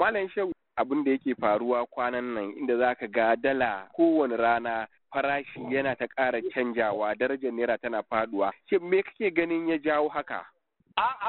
malam shehu abin da yake faruwa kwanan nan inda za ka ga dala kowane rana farashi yana ta ƙara canjawa darajar naira tana faduwa shin me kake ganin ya jawo haka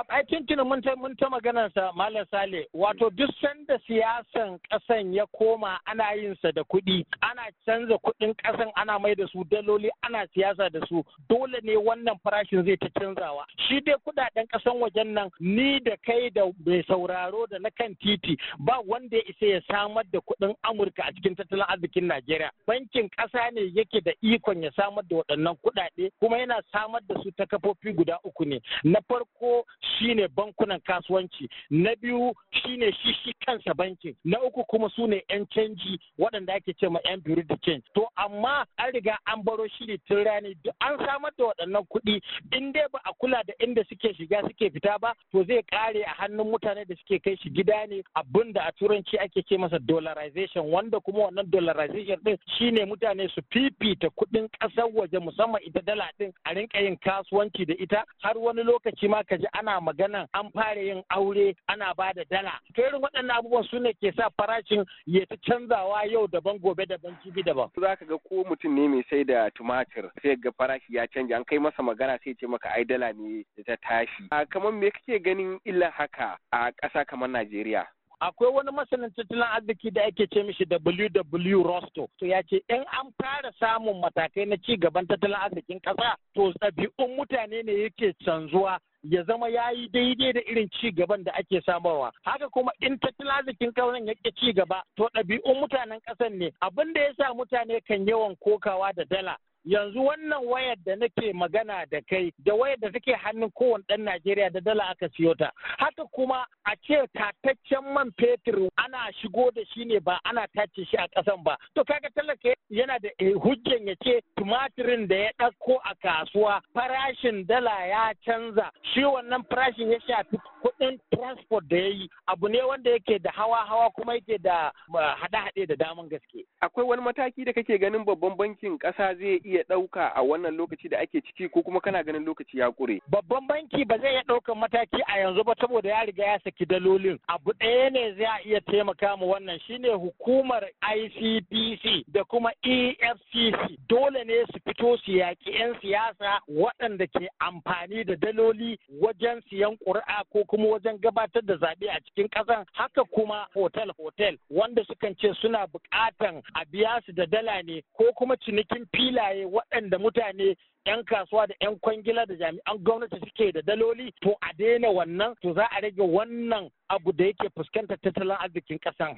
a tuntuna mun ta mun ta maganar sa Malam Sale wato duk sanda siyasan kasan ya koma ana yin sa da kuɗi ana canza kuɗin kasan ana mai da su daloli ana siyasa da su dole ne wannan farashin zai ta canzawa shi dai kudaden kasan wajen nan ni da kai da mai sauraro da na kan titi ba wanda ya isa ya samar da kuɗin Amurka a cikin tattalin arzikin Najeriya bankin ƙasa ne yake da ikon ya samar da waɗannan kuɗaɗe kuma yana samar da su ta kafofi guda uku ne na farko shine bankunan kasuwanci na biyu shine shi shi kansa bankin na uku kuma su ne 'yan canji waɗanda ake ce ma 'yan bureau change to amma an riga an baro shi shiri tun rani an samar da waɗannan kuɗi in dai ba a kula da inda suke shiga suke fita ba to zai kare a hannun mutane da suke kai shi gida ne abin da a turanci ake ce masa dollarization wanda kuma wannan dollarization din shine mutane su fifita kuɗin ƙasar waje musamman ita dala din a rinka yin kasuwanci da ita har wani lokaci ma ka ji ana magana an fara yin aure ana ba da dala to irin waɗannan abubuwan su ne ke sa farashin ya ta canzawa yau daban gobe daban jibi daban za ka ga ko mutum ne mai sai da tumatir sai ga farashi ya canja an kai masa magana sai ce maka ai dala ne da ta tashi A kamar me kake ganin illa haka a ƙasa kamar Najeriya akwai wani masanin tattalin arziki da ake ce mishi WW Rosto to ya ce in an fara samun matakai na ci gaban tattalin arzikin ƙasa to ɗabi'un mutane ne yake canzuwa ya zama ya yi daidai da irin ci gaban da ake samarwa haka kuma in tattalin arzikin ƙauyen ya ci gaba to ɗabi'un mutanen ƙasar ne abin da ya sa mutane kan yawan kokawa da dala yanzu wannan wayar da nake magana da kai da wayar da take hannun kowane ɗan Najeriya da dala aka siyo ta. Haka kuma a ce tataccen man fetur ana shigo da shi ne ba ana tace shi a ƙasan ba. To kaga talaka yana da eh, hujjan ya ce tumatirin da ya ɗauko a kasuwa farashin dala ya canza shi wannan farashin ya shafi kuɗin transport da ya yi abu ne wanda yake da hawa-hawa kuma yake da uh, haɗe-haɗe da daman gaske. Akwai wani mataki da kake ganin babban bankin ƙasa zai iya ɗauka a wannan lokaci da ake ciki ko kuma kana ganin lokaci ya ƙure. Babban banki ba zai iya ɗaukar mataki a yanzu ba saboda ya riga ya saki dalolin. Abu ɗaya ne zai iya taimaka mu wannan shine hukumar ICBC da kuma EFCC dole ne su fito su yaƙi 'yan siyasa waɗanda ke amfani da daloli wajen siyan ƙuri'a ko kuma wajen gabatar da zaɓe a cikin ƙasar haka kuma hotel hotel wanda sukan ce suna buƙatan a biya su da dala ne ko kuma cinikin filaye waɗanda mutane 'yan kasuwa da 'yan kwangila da jami'an gwamnati suke da daloli to a daina wannan to za a rage wannan abu da yake fuskantar tattalin arzikin ƙasar